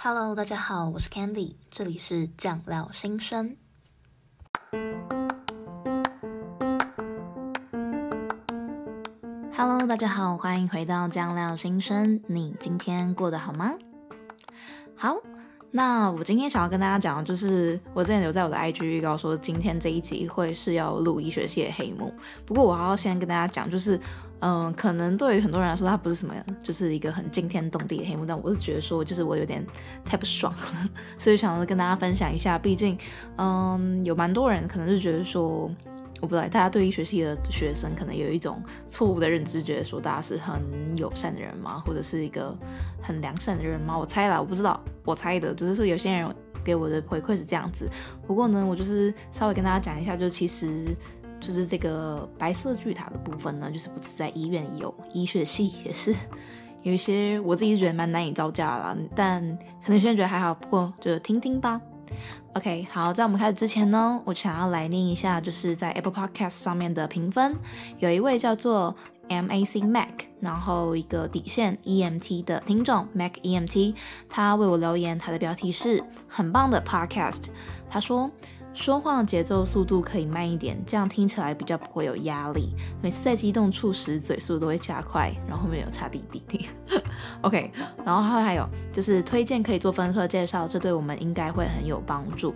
Hello，大家好，我是 Candy，這裡是醬料心聲。Hello，大家好，歡迎回到醬料心聲，你今天過得好嗎？好，那我今天想要跟大家講的就是，我之前留在我的 IG 預告說，今天這一集會是要錄醫學系的黑幕，不過我要先跟大家講就是。嗯，可能對於很多人來說，他不是什麼，就是一個很驚天動地的黑幕。但我是覺得說，就是我有點太不爽了，所以想跟大家分享一下。畢竟，嗯，有蠻多人可能就覺得說，我不知道大家對於醫學系的學生可能有一種錯誤的認知，覺得說大家是很友善的人嗎？或者是一個很良善的人嗎？我猜啦，我不知道，我猜的，只是說有些人給我的回饋是這樣子。不過呢，我就是稍微跟大家講一下，就其實。就是這個白色巨塔的部分呢，就是不止在醫院有醫學系，也是有一些我自己覺得蠻難以招架啦。但可能現在覺得還好。不過就聽聽吧。OK，好，在我們開始之前呢，我想要來念一下就是在 Apple Podcast 上面的評分，有一位叫做 M A C Mac，然後一個底線 E M T 的聽眾 Mac E M T，他為我留言，他的標題是很棒的 Podcast，他說，說話節奏速度可以慢一點，這樣聽起來比較不會有壓力。每次在激動處時，嘴速都會加快，然後後面有擦地滴滴。 OK，然後還有就是推薦可以做分科介紹，這對我們應該會很有幫助。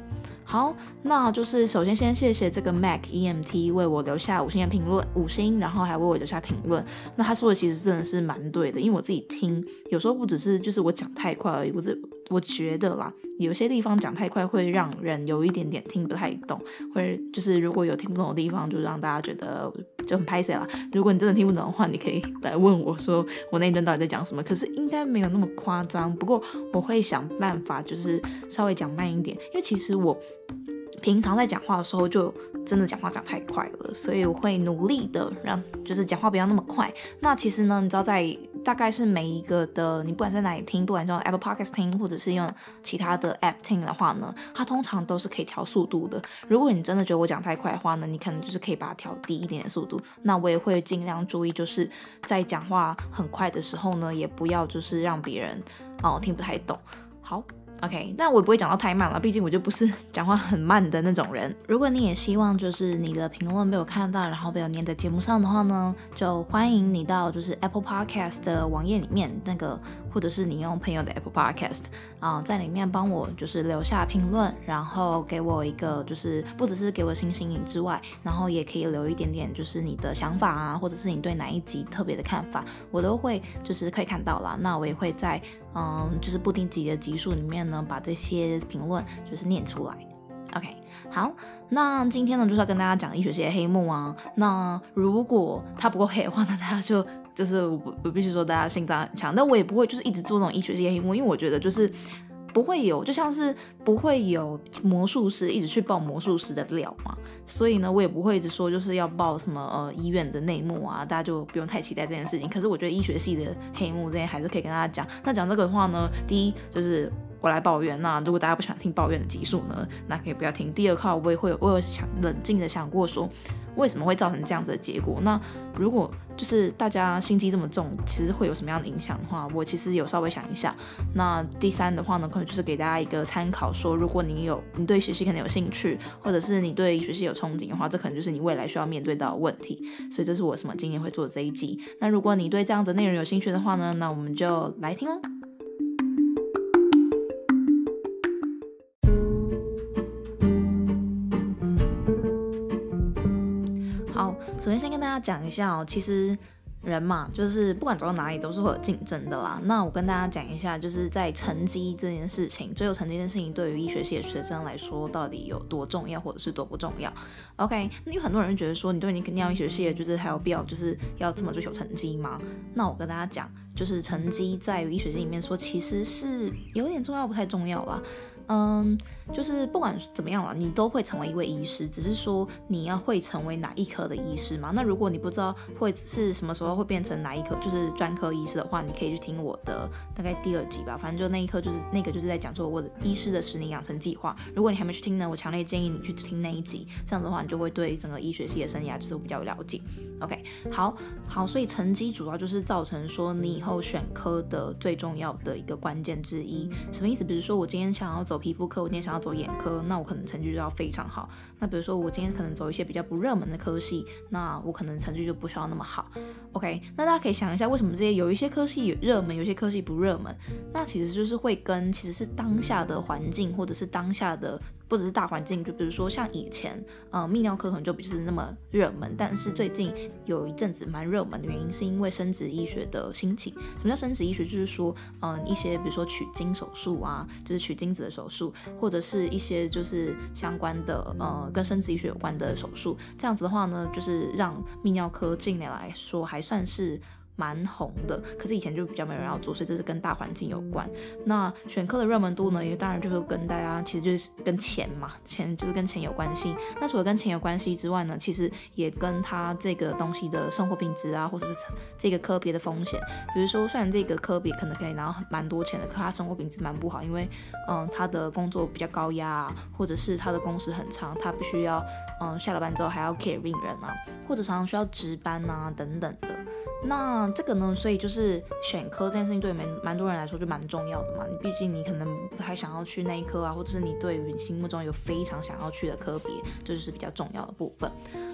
好，那就是首先先謝謝這個 Mac EMT 為我留下五星的評論，五星，然後還為我留下評論。那他說的其實真的是蠻對的，因為我自己聽，有時候不只是就是我講太快而已，我只，我覺得啦，有些地方講太快會讓人有一點點聽不太懂，或者就是如果有聽不懂的地方，就讓大家覺得。就很拍謝啦，如果你真的聽不懂的話，你可以來問我說我那一段到底在講什麼。可是應該沒有那麼誇張。不過我會想辦法，就是稍微講慢一點，因為其實我平常在講話的時候就真的講話講太快了，所以我會努力的讓就是講話不要那麼快。那其實呢，你知道在。大概是每一個的，你不管在哪裡聽，不管是用 Apple Podcast 聽，或者是用其他的 App 聽的話呢，它通常都是可以調速度的。如果你真的覺得我講太快的話呢，你可能就是可以把它調低一點的速度。那我也會盡量注意，就是在講話很快的時候呢，也不要就是讓別人哦、呃、聽不太懂。好。OK，但我也不會講到太慢了，畢竟我就不是講話很慢的那種人。如果你也希望就是你的評論被我看到，然後被我念在節目上的話呢，就歡迎你到就是 Apple Podcast 的網頁裡面那個，或者是你用朋友的 Apple Podcast 啊、呃，在裡面幫我就是留下評論，然後給我一個就是不只是給我星星影之外，然後也可以留一點點就是你的想法啊，或者是你對哪一集特別的看法，我都會就是可以看到啦。那我也會在。嗯，就是不定期的級數裡面呢，把這些評論就是念出來。OK，好，那今天呢就是要跟大家講醫學界的黑幕啊。那如果它不夠黑的話呢，大家就就是我必須說大家心臟很強，但我也不會就是一直做這種醫學界的黑幕，因為我覺得就是。不會有，就像是不會有魔術師一直去爆魔術師的料嘛，所以呢，我也不會一直說就是要爆什麼呃醫院的內幕啊，大家就不用太期待這件事情。可是我覺得醫學系的黑幕這些還是可以跟大家講。那講這個的話呢，第一就是。我來抱怨，那如果大家不想聽抱怨的集數呢，那可以不要聽。第二，靠我也會，我有想冷靜的想過說，為什麼會造成這樣子的結果？那如果就是大家心機這麼重，其實會有什麼樣的影響的話，我其實有稍微想一下。那第三的話呢，可能就是給大家一個參考說，說如果你有你對學習可能有興趣，或者是你對學習有憧憬的話，這可能就是你未來需要面對到的問題。所以這是我什麼今年會做的這一集。那如果你對這樣子內容有興趣的話呢，那我們就來聽哦那講一下哦，其實人嘛，就是不管走到哪裡都是會有競爭的啦。那我跟大家講一下，就是在成績這件事情，追求成績這件事情對於醫學系的學生來說，到底有多重要，或者是多不重要？OK，那有很多人覺得說，你對你肯定要醫學系，就是還有必要，就是要這麼追求成績嗎？那我跟大家講，就是成績在醫學系裡面說，其實是有點重要，不太重要啦。嗯。就是不管怎麼樣了，你都會成為一位醫師，只是說你要會成為哪一科的醫師嘛？那如果你不知道會是什麼時候會變成哪一科，就是專科醫師的話，你可以去聽我的大概第二集吧。反正就那一科，就是那個就是在講說我的醫師的十年養成計劃。如果你還沒去聽呢，我強烈建議你去聽那一集。這樣子的話，你就會對整個醫學系的生涯就是我比較有了解。OK，好好，所以成績主要就是造成說你以後選科的最重要的一個關鍵之一。什麼意思？比如說我今天想要走皮膚科，我今天想。要走眼科，那我可能成績就要非常好。那比如說，我今天可能走一些比較不熱門的科系，那我可能成績就不需要那麼好。OK，那大家可以想一下，為什麼這些有一些科系熱門，有一些科系不熱門？那其實就是會跟其實是當下的環境或者是當下的。或者是大環境，就比如說像以前，嗯、呃，泌尿科可能就不是那麼熱門，但是最近有一陣子蠻熱門的原因，是因為生殖醫學的興起。什麼叫生殖醫學？就是說，嗯、呃，一些比如說取精手術啊，就是取精子的手術，或者是一些就是相關的，呃，跟生殖醫學有關的手術。這樣子的話呢，就是讓泌尿科近年來說還算是。蠻紅的，可是以前就比較沒人要做，所以這是跟大環境有關。那選科的熱門度呢，也當然就是跟大家其實就是跟錢嘛，錢就是跟錢有關係。那除了跟錢有關係之外呢，其實也跟他這個東西的生活品質啊，或者是這個科別的風險。比如說，雖然這個科別可能可以拿蠻多錢的，可他生活品質蠻不好，因為嗯，他的工作比較高壓啊，或者是他的工時很長，他必須要嗯下了班之後還要 care 病人啊，或者常常需要值班啊等等的。那嗯，這個呢，所以就是選科這件事情對蠻蠻多人來說就蠻重要的嘛。你畢竟你可能不太想要去那一科啊，或者是你對於你心目中有非常想要去的科別，這就，就是比較重要的部分。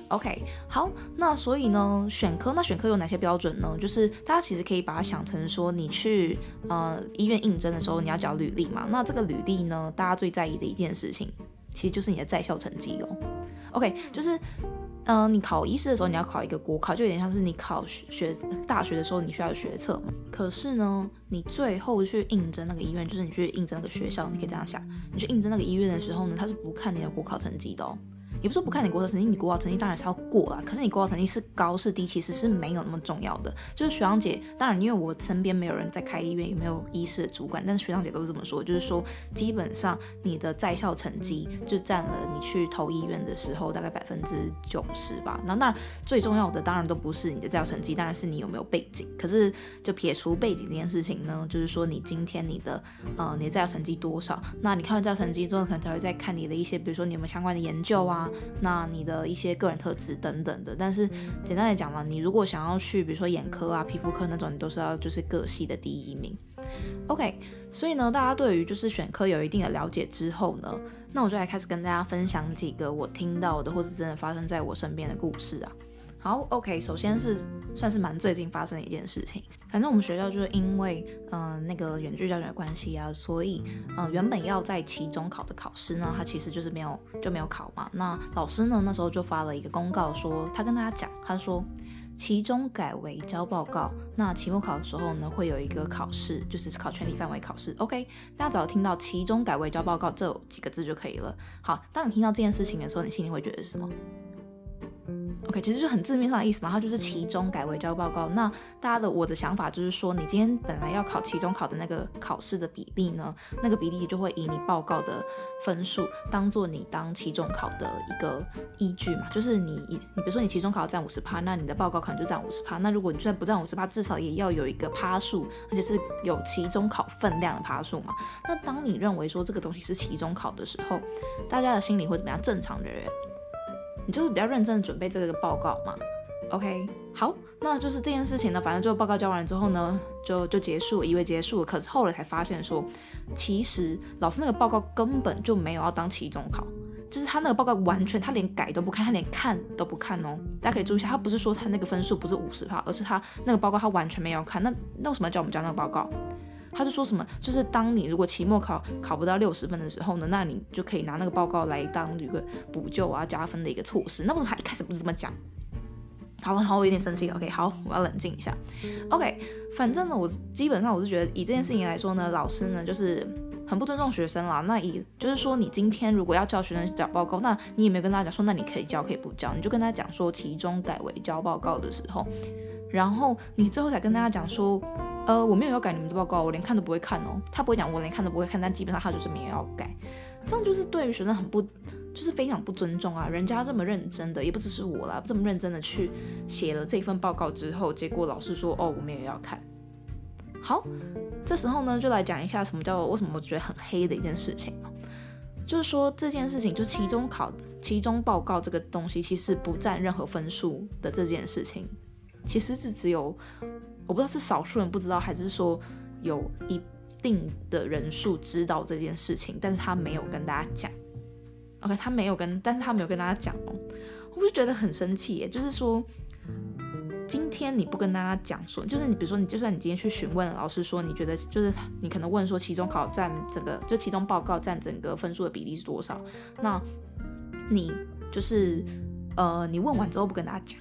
OK，好，那所以呢，選科那選科有哪些標準呢？就是大家其實可以把它想成說，你去呃醫院應徵的時候，你要交履歷嘛。那這個履歷呢，大家最在意的一件事情，其實就是你的在校成績哦。OK，就是。嗯，你考醫師的時候，你要考一個國考，就有點像是你考學，學大學的時候你需要有學測嘛。可是呢，你最後去應徵那個醫院，就是你去應徵那個學校，你可以這樣想，你去應徵那個醫院的時候呢，他是不看你的國考成績的哦。也不是不看你國考成績，你國考成績當然是要過啦。可是你國考成績是高是低，其實是沒有那麼重要的。就是學長姐，當然因為我身邊沒有人在開醫院，也沒有醫師的主管，但是學長姐都是這麼說，就是說基本上你的在校成績就佔了你去投醫院的時候大概百分之九十吧。那那最重要的當然都不是你的在校成績，當然是你有沒有背景。可是就撇除背景這件事情呢，就是說你今天你的呃你的在校成績多少，那你看完在校成績之後，可能才會再看你的一些，比如說你有沒有相關的研究啊。那你的一些個人特質等等的，但是簡單來講嘛，你如果想要去，比如說眼科啊、皮膚科那種，你都是要就是各系的第一名。OK，所以呢，大家對於就是選科有一定的了解之後呢，那我就來開始跟大家分享幾個我聽到的或是真的發生在我身邊的故事啊。好，OK，首先是。算是蠻最近發生的一件事情。反正我們學校就是因為，嗯、呃，那個遠距教學的關係啊，所以，嗯、呃，原本要在期中考的考試呢，他其實就是沒有就沒有考嘛。那老師呢，那時候就發了一個公告說，說他跟大家講，他說期中改為交報告。那期末考的時候呢，會有一個考試，就是考全體範圍考試。OK，大家只要聽到期中改為交報告這幾個字就可以了。好，當你聽到這件事情的時候，你心裡會覺得是什麼？OK，其實就很字面上的意思嘛，它就是期中改為交報告。那大家的我的想法就是說，你今天本來要考期中考的那個考試的比例呢，那個比例就會以你報告的分數當做你當期中考的一個依據嘛。就是你你比如說你期中考占五十趴，那你的報告可能就占五十趴。那如果你雖然不占五十趴，至少也要有一個趴數，而且是有期中考分量的趴數嘛。那當你認為說這個東西是期中考的時候，大家的心理會怎麼樣？正常的人。你就是比較認真的準備這個報告嘛。OK，好，那就是這件事情呢，反正就後報告交完了之後呢，就就結束，以為結束，可是後來才發現說，其實老師那個報告根本就沒有要當期中考，就是他那個報告完全他連改都不看，他連看都不看哦，大家可以注意一下，他不是說他那個分數不是五十趴，而是他那個報告他完全沒有看，那那為什麼叫我們交那個報告？他就說什麼，就是當你如果期末考考不到六十分的時候呢，那你就可以拿那個報告來當一個補救啊、加分的一個措施。那為什麼他一開始不是這麼講？好，好，我有點生氣。OK，好，我要冷靜一下。OK，反正呢，我基本上我是覺得以這件事情來說呢，老師呢就是很不尊重學生啦。那以就是說，你今天如果要叫學生找報告，那你也沒有跟大家講說，那你可以交可以不交。你就跟他講說，其中改為交報告的時候，然後你最後才跟大家講說。呃，我沒有要改你們的報告，我連看都不會看哦。他不會講，我連看都不會看，但基本上他就是沒有要改，這樣就是對於學生很不，就是非常不尊重啊。人家這麼認真的，也不只是我啦。這麼認真的去寫了這份報告之後，結果老師說哦，我沒有要看。好，這時候呢，就來講一下什麼叫為什麼我覺得很黑的一件事情。就是說，這件事情，就期中考、期中報告這個東西其實不佔任何分數的這件事情，其實是只有。我不知道是少數人不知道，還是說有一定的人數知道這件事情，但是他沒有跟大家講。OK，他沒有跟，但是他沒有跟大家講哦，我就覺得很生氣耶。就是說，今天你不跟大家講，說就是你，比如說你，就算你今天去詢問老師說，你覺得就是你可能問說，期中考佔整個就期中報告佔整個分數的比例是多少？那你就是呃，你問完之後不跟大家講。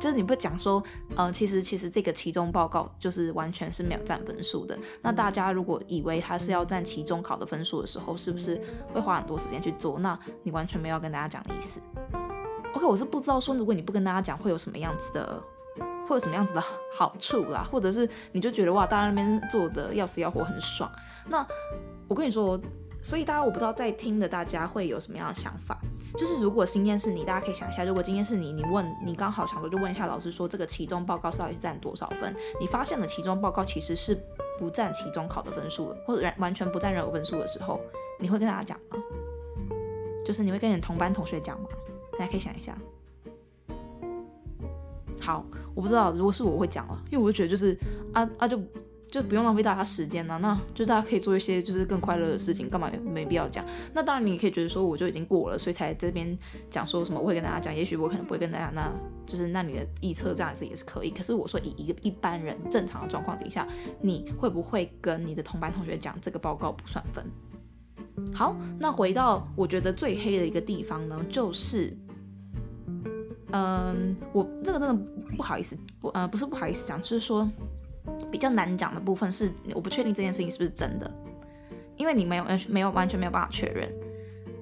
就是你不講說，嗯、呃，其實其實這個期中報告就是完全是沒有占分數的。那大家如果以為他是要占期中考的分數的時候，是不是會花很多時間去做？那你完全沒有要跟大家講的意思。OK，我是不知道說，如果你不跟大家講，會有什麼樣子的，會有什麼樣子的好處啦，或者是你就覺得哇，大家那邊做的要死要活，很爽。那我跟你說。所以大家，我不知道在聽的大家會有什麼樣的想法，就是如果今天是你，大家可以想一下，如果今天是你，你問你剛好想說就問一下老師說，這個期中報告到底是占多少分？你發現了期中報告其實是不占期中考的分數的，或者完全不占任何分數的時候，你會跟大家講嗎？就是你會跟你同班同學講嗎？大家可以想一下。好，我不知道，如果是我，我會講了，因為我就覺得就是啊啊就。就不用浪費大家時間了。啊，那就大家可以做一些就是更快樂的事情，幹嘛沒必要講？那當然，你可以覺得說我就已經過了，所以才在這邊講說什麼我會跟大家講，也許我可能不會跟大家，那，那就是那你的預測這樣子也是可以。可是我說以一個一般人正常的狀況底下，你會不會跟你的同班同學講這個報告不算分？好，那回到我覺得最黑的一個地方呢，就是，嗯、呃，我這個真的不好意思，不，嗯、呃，不是不好意思講，就是說。比較難講的部分是，我不確定這件事情是不是真的，因為你沒有沒有完全沒有辦法確認。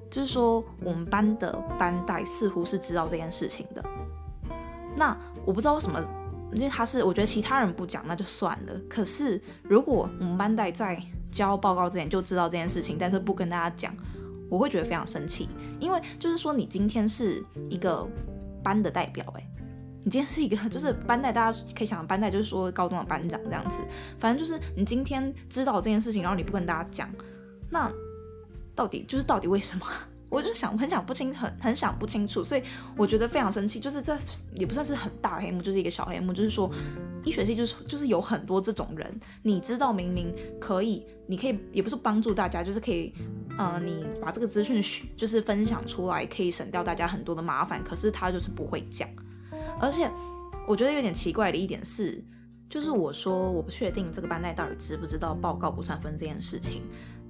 就是說，我們班的班代似乎是知道這件事情的，那我不知道為什麼，因為他是，我覺得其他人不講那就算了。可是，如果我們班代在交報告之前就知道這件事情，但是不跟大家講，我會覺得非常生氣，因為就是說，你今天是一個班的代表，欸，哎。你今天是一個，就是班代。大家可以想班代，就是說高中的班長這樣子。反正就是你今天知道這件事情，然後你不跟大家講，那到底就是到底為什麼？我就想很想不清，很想不清楚，所以我覺得非常生氣。就是這也不算是很大黑幕，就是一個小黑幕。就是說醫學系就是就是有很多這種人，你知道明明可以，你可以也不是幫助大家，就是可以，呃，你把這個資訊就是分享出來，可以省掉大家很多的麻煩，可是他就是不會講。而且我覺得有點奇怪的一點是，就是我說我不確定這個班代到底知不知道報告不算分這件事情。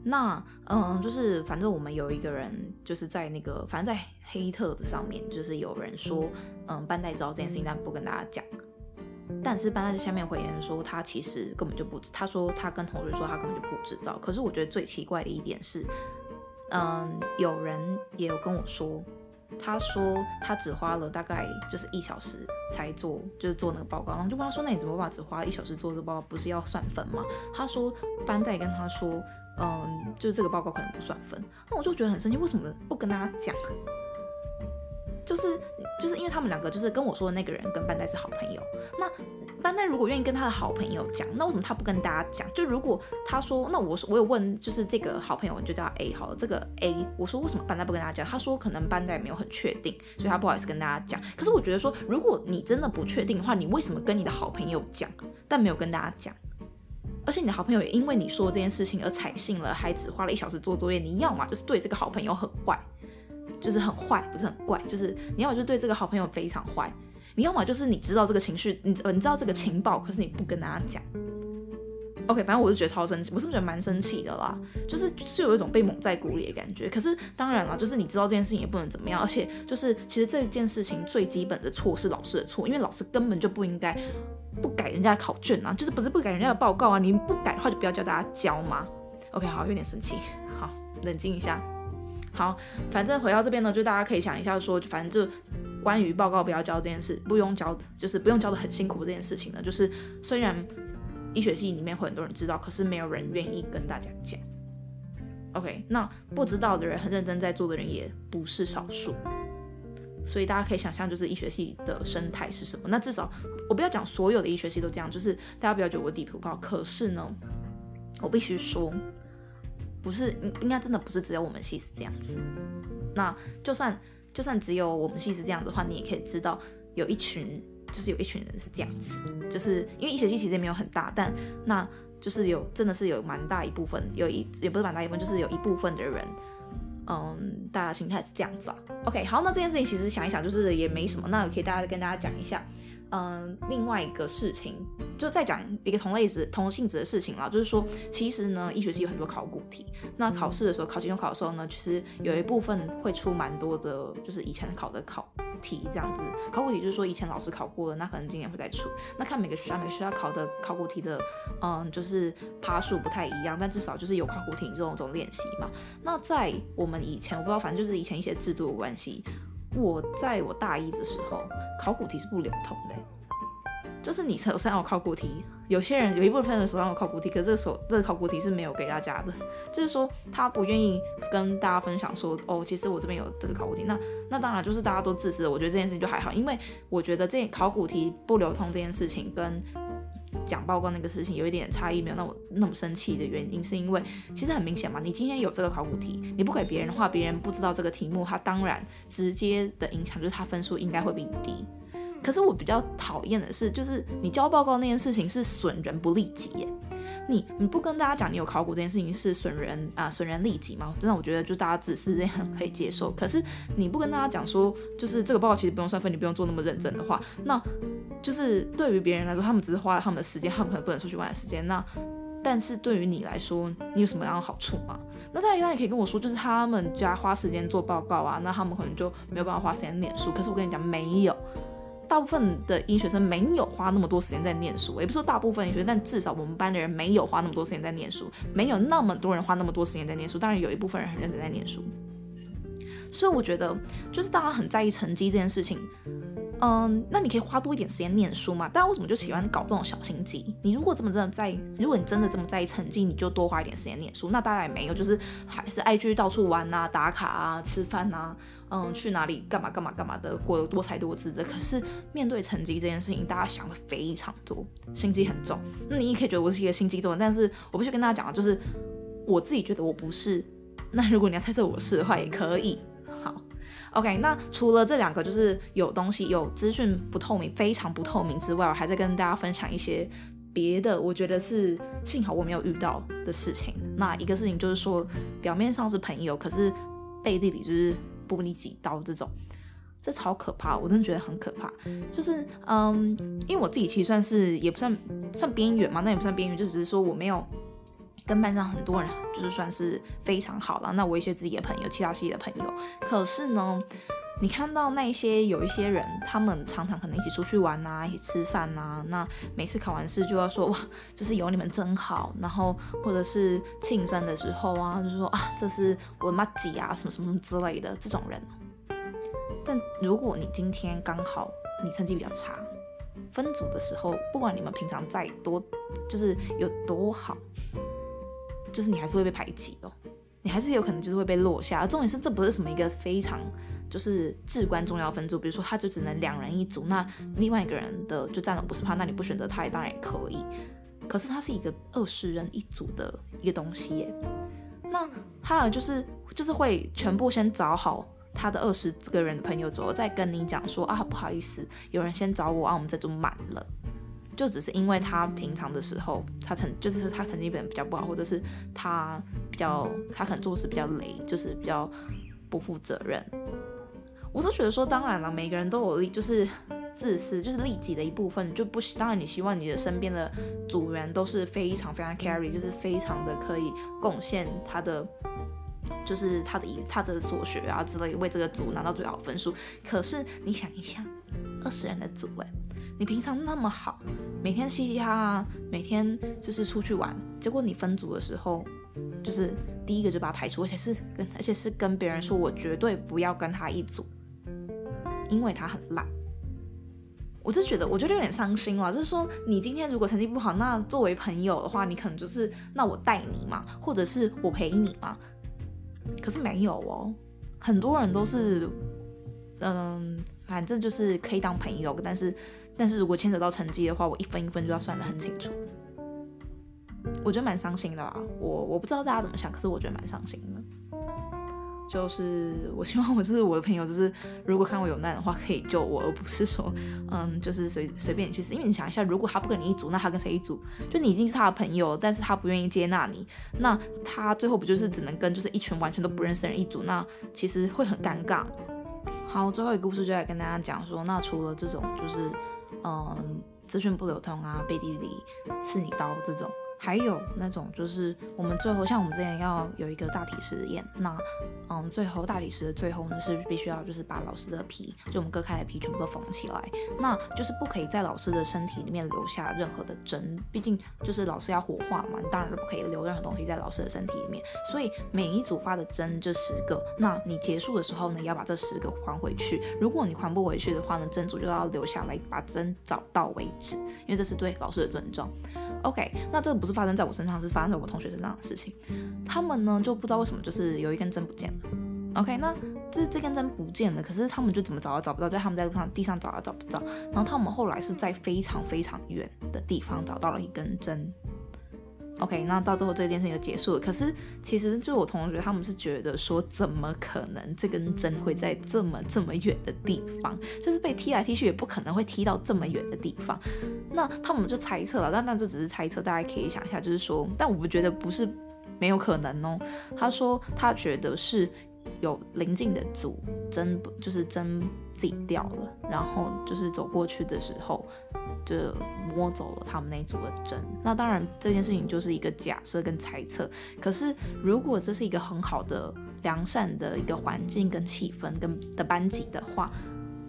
那嗯，就是反正我們有一個人就是在那個，反正在黑特的上面，就是有人說嗯，班代知道這件事情，但不跟大家講。但是班代在下面回言說他其實根本就不知，他說他跟同學說他根本就不知道。可是我覺得最奇怪的一點是，嗯，有人也有跟我說。他說他只花了大概就是一小時才做，就是做那個報告，然後就問他說，那你怎麼辦法，只花一小時做這報告，不是要算分嗎？他說班代跟他說，嗯，就是這個報告可能不算分。那我就覺得很生氣，為什麼不跟大家講？就是就是因為他們兩個就是跟我說的那個人跟班代是好朋友，那。班代如果願意跟他的好朋友講，那為什麼他不跟大家講？就如果他說，那我我有問，就是這個好朋友，我就叫他 A 好了。這個 A，我說為什麼班代不跟大家講？他說可能班代也沒有很確定，所以他不好意思跟大家講。可是我覺得說，如果你真的不確定的話，你為什麼跟你的好朋友講，但沒有跟大家講？而且你的好朋友也因為你說這件事情而採信了，還只花了一小時做作業。你要麼就是對這個好朋友很壞，就是很壞，不是很怪，就是你要麼就是對這個好朋友非常壞。你要麼就是你知道這個情緒，你你知道這個情報，可是你不跟大家講。OK，反正我是覺得超生氣，我是不是覺得蠻生氣的啦，就是就是有一種被蒙在鼓裡的感覺。可是當然了，就是你知道這件事情也不能怎麼樣，而且就是其實這件事情最基本的錯是老師的錯，因為老師根本就不應該不改人家的考卷啊，就是不是不改人家的報告啊，你不改的話就不要叫大家教嘛。OK，好，有點生氣，好，冷靜一下，好，反正回到這邊呢，就大家可以想一下說，反正就。關於報告不要交這件事，不用交，就是不用交得很辛苦這件事情呢，就是雖然醫學系裡面會很多人知道，可是沒有人願意跟大家講。OK，那不知道的人很認真在做的人也不是少數，所以大家可以想象，就是醫學系的生態是什麼。那至少我不要講所有的醫學系都這樣，就是大家不要覺得我地圖炮。可是呢，我必須說，不是，應應該真的不是只有我們系是這樣子。那就算。就算只有我們系是這樣子的話，你也可以知道，有一群就是有一群人是這樣子，就是因為醫學系其實也沒有很大，但那就是有真的是有蠻大一部分，有一也不是蠻大一部分，就是有一部分的人，嗯，大家心態是這樣子啊。OK，好，那這件事情其實想一想就是也沒什麼，那也可以大家跟大家講一下。嗯，另外一個事情，就再講一個同類子、同性質的事情啦，就是說，其實呢，醫學系有很多考古題。那考試的時候，考期中考的時候呢，其實有一部分會出蠻多的，就是以前考的考題這樣子。考古題就是說，以前老師考過的，那可能今年會再出。那看每個學校，每個學校考的考古題的，嗯，就是爬數不太一樣，但至少就是有考古題這種這種練習嘛。那在我們以前，我不知道，反正就是以前一些制度的關係。我在我大一的時候，考古題是不流通的，就是你手上有考古題，有些人有一部分朋友手上有考古題，可是這個手，這個考古題是沒有給大家的，就是說他不願意跟大家分享說哦，其實我這邊有這個考古題，那那當然就是大家都自私，我覺得這件事情就還好，因為我覺得這考古題不流通這件事情跟。講報告那個事情有一點點差異，沒有讓我那麼生氣的原因，是因為其實很明顯嘛，你今天有這個考古題，你不給別人的話，別人不知道這個題目，他當然直接的影響就是他分數應該會比你低。可是我比較討厭的是，就是你交報告那件事情是損人不利己耶。你你不跟大家講你有考古這件事情是損人啊，損人利己嗎？真的，我覺得就大家只是這樣可以接受。可是你不跟大家講說，就是這個報告其實不用算分，你不用做那麼認真的話，那就是對於別人來說，他們只是花了他們的時間，他們可能不能出去玩的時間。那但是對於你來說，你有什麼樣的好處嗎？那大家也可以跟我說，就是他們家花時間做報告啊，那他們可能就沒有辦法花時間念書。可是我跟你講，沒有。大部分的醫學生沒有花那麼多時間在念書，也不是說大部分醫學生，但至少我們班的人沒有花那麼多時間在念書，沒有那麼多人花那麼多時間在念書。當然，有一部分人很認真在念書。所以我覺得，就是大家很在意成績這件事情，嗯，那你可以花多一點時間念書嘛。大家為什麼就喜歡搞這種小心機？你如果這麼真的在，如果你真的這麼在意成績，你就多花一點時間念書。那大家也沒有，就是還是愛去到處玩啊、打卡啊、吃飯啊，嗯，去哪裡幹嘛幹嘛幹嘛的，過得多彩多姿的。可是面對成績這件事情，大家想的非常多，心機很重。那你也可以覺得我是一個心機重，但是我必須跟大家講就是我自己覺得我不是。那如果你要猜測我是的話，也可以。好，OK，那除了這兩個就是有東西有資訊不透明，非常不透明之外，我還在跟大家分享一些別的，我覺得是幸好我沒有遇到的事情。那一個事情就是說，表面上是朋友，可是背地裡就是捅你幾刀這種，這超可怕，我真的覺得很可怕。就是嗯，因為我自己其實算是也不算算邊緣嘛，那也不算邊緣，就只是說我沒有。跟班上很多人就是算是非常好了，那我一些自己的朋友，其他系的朋友。可是呢，你看到那些有一些人，他們常常可能一起出去玩啊，一起吃飯啊，那每次考完試就要說哇，這，就是有你們真好。然後或者是慶生的時候啊，就是說啊，這是我麻吉啊，什麼什麼之類的這種人。但如果你今天剛好你成績比較差，分組的時候，不管你們平常再多，就是有多好。就是你還是會被排擠哦，你還是有可能就是會被落下。而重點是，這不是什麼一個非常就是至關重要分組，比如說他就只能兩人一組，那另外一個人的就佔了50%，那你不選擇他也當然也可以。可是他是一個二十人一組的一個東西耶，那他就是就是會全部先找好他的二十個人的朋友之後，再跟你講說啊，不好意思，有人先找我。啊，我們這組滿了。就只是因為他平常的時候，他成就是他成績本比較不好，或者是他比較他可能做事比較雷，就是比較不負責任。我是覺得說，當然了，每個人都有利，就是自私，就是利己的一部分，就不希當然你希望你的身邊的組員都是非常非常 carry，就是非常的可以貢獻他的，就是他的他的所學啊之類，為這個組拿到最好分數。可是你想一下，二十人的組、欸，誒。你平常那麼好，每天嘻嘻哈哈、啊，每天就是出去玩。結果你分組的時候，就是第一個就把他排除，而且是跟而且是跟別人說，我絕對不要跟他一組，因為他很爛。我就覺得，我覺得有點傷心了。就是說，你今天如果成績不好，那作為朋友的話，你可能就是那我帶你嘛，或者是我陪你嘛。可是沒有哦，很多人都是，嗯、呃，反正就是可以當朋友，但是。但是如果牽扯到成績的話，我一分一分就要算得很清楚。我覺得蠻傷心的，我我不知道大家怎麼想，可是我覺得蠻傷心的。就是我希望我就是我的朋友，就是如果看我有難的話，可以救我，而不是說嗯，就是隨隨便你去死。因為你想一下，如果他不跟你一組，那他跟誰一組？就你已經是他的朋友，但是他不願意接納你，那他最後不就是只能跟就是一群完全都不認識的人一組？那其實會很尷尬。好，最後一個故事就來跟大家講說，那除了這種就是。嗯，資訊不流通啊，背地裡刺你刀這種。還有那種就是我們最後像我們之前要有一個大體實驗，那嗯最後大體實驗的最後呢是必須要就是把老師的皮就我們割開的皮全部都縫起來，那就是不可以在老師的身體裡面留下任何的針，畢竟就是老師要火化嘛，當然不可以留任何東西在老師的身體裡面。所以每一組發的針就十個，那你結束的時候呢要把這十個還回去，如果你還不回去的話呢，針組就要留下來把針找到為止，因為這是對老師的尊重。OK，那這個不是。是發生在我身上，是發生在我同學身上的事情。他們呢就不知道為什麼，就是有一根針不見了。OK，那這、就是、這根針不見了，可是他們就怎麼找都找不到，在他們在路上地上找也找不到。然後他們後來是在非常非常遠的地方找到了一根針。OK，那到最後這件事情就結束了。可是其實就我同學他們，是覺得說，怎麼可能這根針會在這麼這麼遠的地方？就是被踢來踢去，也不可能會踢到這麼遠的地方。那他們就猜測了，但但這只是猜測，大家可以想一下，就是說，但我不覺得不是沒有可能哦。他說他覺得是。有臨近的組針，就是針自己掉了，然後就是走過去的時候就摸走了他們那組的針。那當然這件事情就是一個假設跟猜測，可是如果這是一個很好的、良善的一個環境跟氣氛跟的班級的話，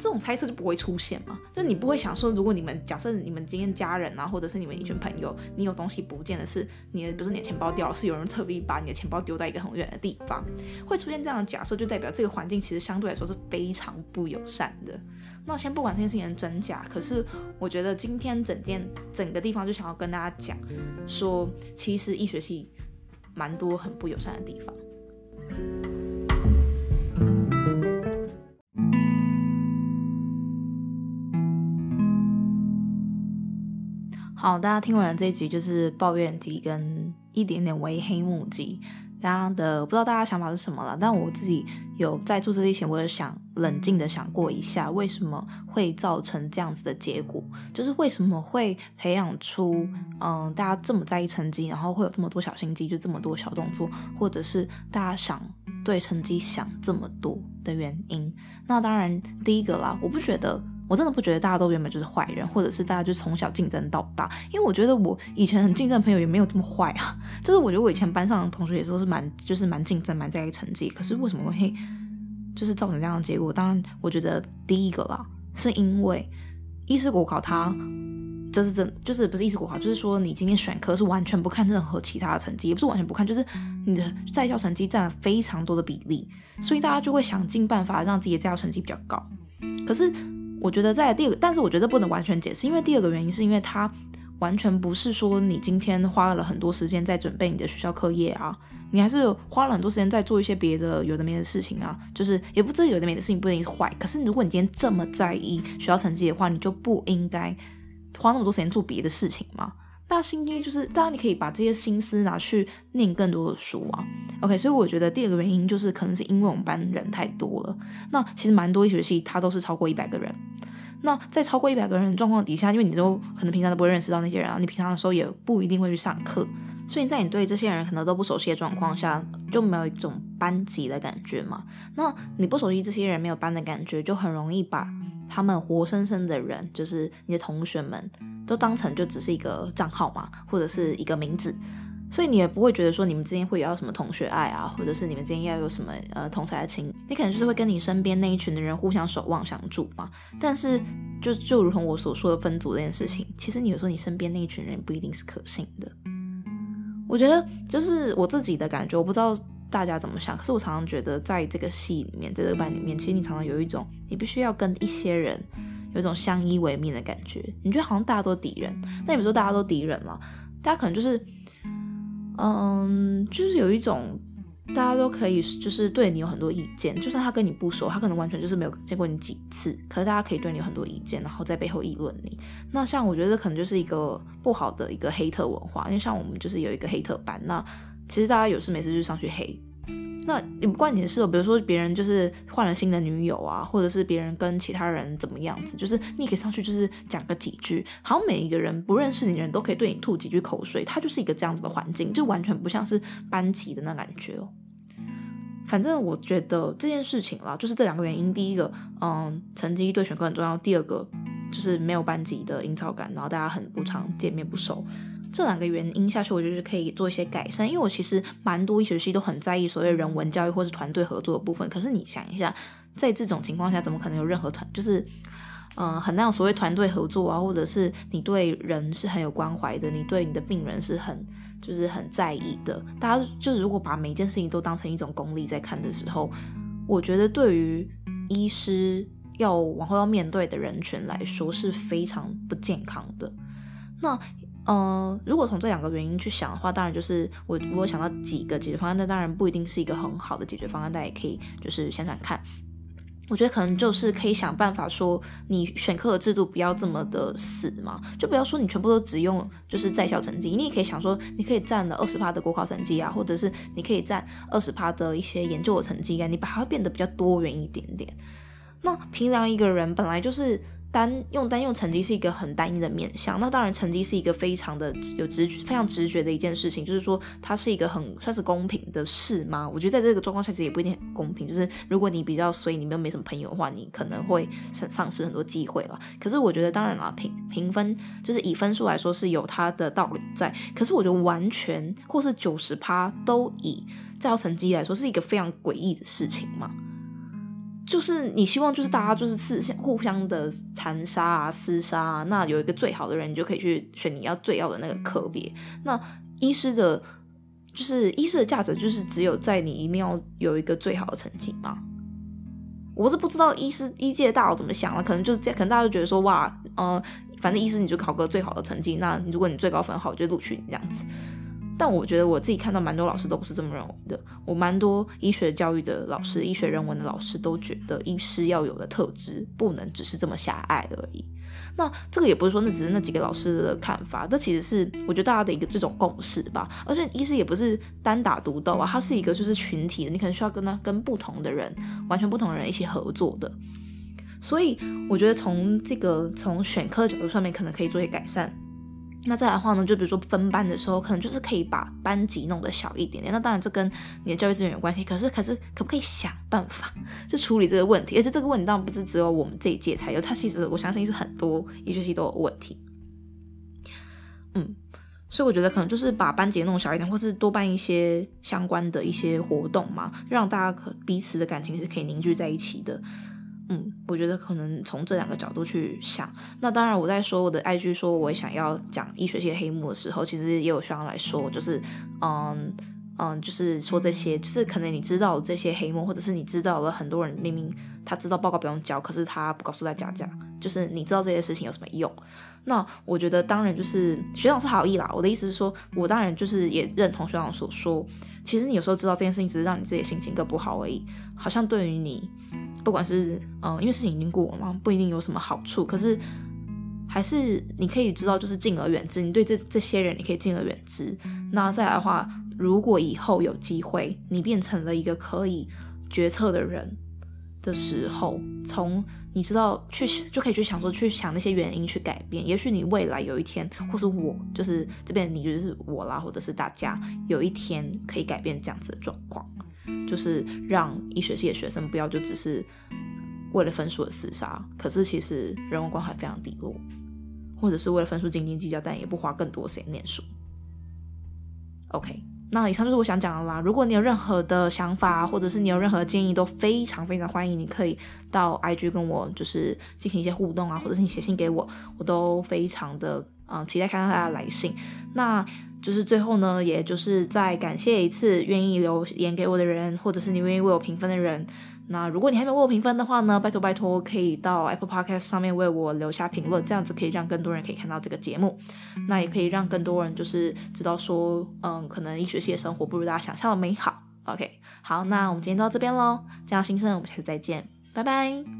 這種猜測就不會出現嘛，就你不會想說，如果你們假設你們今天家人啊，或者是你們一群朋友，你有東西不見的是，你的不是你的錢包掉了，是有人特別把你的錢包丟在一個很遠的地方，會出現這樣的假設，就代表這個環境其實相對來說是非常不友善的。那先不管這件事情真假，可是我覺得今天整件整個地方就想要跟大家講說，說其實醫學系蠻多很不友善的地方。好，大家聽完了這一集，就是抱怨集跟一點點微黑幕集，大家的不知道大家想法是什麼啦。但我自己有在做這些前，我也想冷靜地想過一下，為什麼會造成這樣子的結果？就是為什麼會培養出嗯、呃，大家這麼在意成績，然後會有這麼多小心機，就這麼多小動作，或者是大家想對成績想這麼多的原因？那當然第一個啦，我不覺得。我真的不覺得大家都原本就是壞人，或者是大家就從小競爭到大。因為我覺得我以前很競爭的朋友也沒有這麼壞啊。就是我覺得我以前班上的同學也都是蠻，就是蠻競爭，蠻在意成績。可是為什麼會就是造成這樣的結果？當然，我覺得第一個啦，是因為醫師國考它就是真，就是不是醫師國考，就是說你今天選科是完全不看任何其他的成績，也不是完全不看，就是你的在校成績佔了非常多的比例，所以大家就會想盡辦法讓自己的在校成績比較高。可是。我覺得在第二個，但是我覺得不能完全解釋，因為第二個原因是因為他完全不是說你今天花了很多時間在準備你的學校課業啊，你還是花了很多時間在做一些別的有的沒的事情啊，就是也不至於有的沒的事情不一定壞，可是如果你今天這麼在意學校成績的話，你就不應該花那麼多時間做別的事情嗎？大家心機就是，當然你可以把這些心思拿去念更多的書啊。OK，所以我覺得第二個原因就是，可能是因為我們班人太多了。那其實蠻多醫學系它都是超過一百個人。那在超過一百個人的狀況底下，因為你都可能平常都不會認識到那些人啊，你平常的時候也不一定會去上課，所以在你對這些人可能都不熟悉的狀況下，就沒有一種班級的感覺嘛。那你不熟悉這些人，沒有班的感覺，就很容易把。他們活生生的人，就是你的同學們，都當成就只是一個賬號嘛，或者是一個名字，所以你也不會覺得說你們之間會有什麼同學愛啊，或者是你們之間要有什麼呃同學愛情，你可能就是會跟你身邊那一群的人互相守望相助嘛。但是就就如同我所說的分組這件事情，其實你說你身邊那一群人不一定是可信的。我覺得就是我自己的感覺，我不知道。大家怎麼想？可是我常常覺得，在這個系裡面，在這個班裡面，其實你常常有一種，你必須要跟一些人有一種相依為命的感覺。你覺得好像大家都敵人，那也沒說大家都敵人了，大家可能就是，嗯，就是有一種大家都可以，就是對你有很多意見。就算他跟你不熟，他可能完全就是沒有見過你幾次，可是大家可以對你有很多意見，然後在背後議論你。那像我覺得可能就是一個不好的一個黑特文化，因為像我們就是有一個黑特班，那。其實大家有事沒事就上去黑，那也不關你的事哦。比如說別人就是換了新的女友啊，或者是別人跟其他人怎麼樣子，就是你可以上去就是講個幾句。好像每一個人不認識你的人都可以對你吐幾句口水，它就是一個這樣子的環境，就完全不像是班級的那感覺哦。反正我覺得這件事情啦，就是這兩個原因。第一個，嗯，成績對選課很重要；第二個，就是沒有班級的營造感，然後大家很不常見面不熟。這兩個原因下去，我覺得是可以做一些改善。因為我其實蠻多醫學系都很在意所謂人文教育或是團隊合作的部分。可是你想一下，在這種情況下，怎麼可能有任何團？就是，嗯、呃，很那樣所謂團隊合作啊，或者是你對人是很有關懷的，你對你的病人是很就是很在意的。大家就是如果把每一件事情都當成一種功利在看的時候，我覺得對於醫師要往後要面對的人群來說是非常不健康的。那。嗯、呃，如果從這兩個原因去想的話，當然就是我我想到幾個解決方案，那當然不一定是一個很好的解決方案。大家也可以就是想想看，我覺得可能就是可以想辦法說，你選課的制度不要這麼的死嘛，就不要說你全部都只用就是在校成績，你也可以想說，你可以占了二十趴的國考成績啊，或者是你可以占二十趴的一些研究的成績啊，你把它變得比較多元一點點。那評量一個人本來就是。單用單用成績是一個很單一的面向，那當然成績是一個非常的有直覺、非常直覺的一件事情，就是說它是一個很算是公平的事嗎？我覺得在這個狀況下其實也不一定很公平，就是如果你比較衰，你沒有，沒什麼朋友的話，你可能會喪喪失很多機會了。可是我覺得當然啦，評評分就是以分數來說是有它的道理在，可是我覺得完全或是九十趴都以在校成績來說是一個非常詭異的事情嘛。就是你希望，就是大家就是互相互相的殘殺啊，廝殺啊。那有一個最好的人，你就可以去選你要最要的那個科別。那醫師的，就是醫師的價值，就是只有在你一定要有一個最好的成績嘛。我是不知道醫師醫界大佬怎麼想了、啊，可能就是可能大家就覺得說，哇，嗯、呃，反正醫師你就考個最好的成績。那如果你最高分好，我就錄取你這樣子。但我覺得我自己看到蠻多老師都不是這麼認為的。我蠻多醫學教育的老師、醫學人文的老師都覺得，醫師要有的特質不能只是這麼狹隘而已。那這個也不是說那只是那幾個老師的看法，這其實是我覺得大家的一個這種共識吧。而且醫師也不是單打獨鬥啊，他是一個就是群體的，你可能需要跟他跟不同的人、完全不同的人一起合作的。所以我覺得從這個從選科的角度上面，可能可以做一些改善。那再來的話呢，就比如說分班的時候，可能就是可以把班級弄得小一點點。那當然這跟你的教育資源有關係，可是可是可不可以想辦法去處理這個問題？而且這個問題當然不是只有我們這一屆才有，它其實我相信是很多醫學系都有問題。嗯，所以我覺得可能就是把班級弄得小一點，或是多辦一些相關的一些活動嘛，讓大家可彼此的感情是可以凝聚在一起的。嗯，我覺得可能從這兩個角度去想。那當然，我在說我的 IG 說，我想要講醫學系黑幕的時候，其實也有學長來說，就是嗯嗯，就是說這些，就是可能你知道這些黑幕，或者是你知道了很多人明明他知道報告不用交，可是他不告訴大家，講。就是你知道這些事情有什麼用？那我覺得當然就是學長是好意啦。我的意思是說，我當然就是也認同學長所說，其實你有時候知道這件事情，只是讓你自己心情更不好而已，好像對於你。不管是嗯、呃，因為事情已經過了嘛，不一定有什麼好處。可是，還是你可以知道，就是敬而遠之。你對這這些人，你可以敬而遠之。那再來的話，如果以後有機會，你變成了一個可以決策的人的時候，從你知道去就可以去想說，去想那些原因去改變。也許你未來有一天，或是我就是這邊你就是我啦，或者是大家有一天可以改變這樣子的狀況。就是讓醫學系的學生不要就只是為了分數而廝殺，可是其實人文關懷非常低落，或者是為了分數斤斤計較，但也不花更多時間念書。OK，那以上就是我想講的啦。如果你有任何的想法，或者是你有任何建議，都非常非常歡迎，你可以到 IG 跟我就是進行一些互動啊，或者是你寫信給我，我都非常的。嗯，期待看到大家的來信。那就是最後呢，也就是再感謝一次願意留言給我的人，或者是你願意為我評分的人。那如果你還沒有為我評分的話呢，拜託拜託，可以到 Apple Podcast 上面為我留下評論，這樣子可以讓更多人可以看到這個節目，那也可以讓更多人就是知道說，嗯，可能醫學系的生活不如大家想象的美好。OK，好，那我們今天到這邊嘍，醬料心聲我們下次再見，拜拜。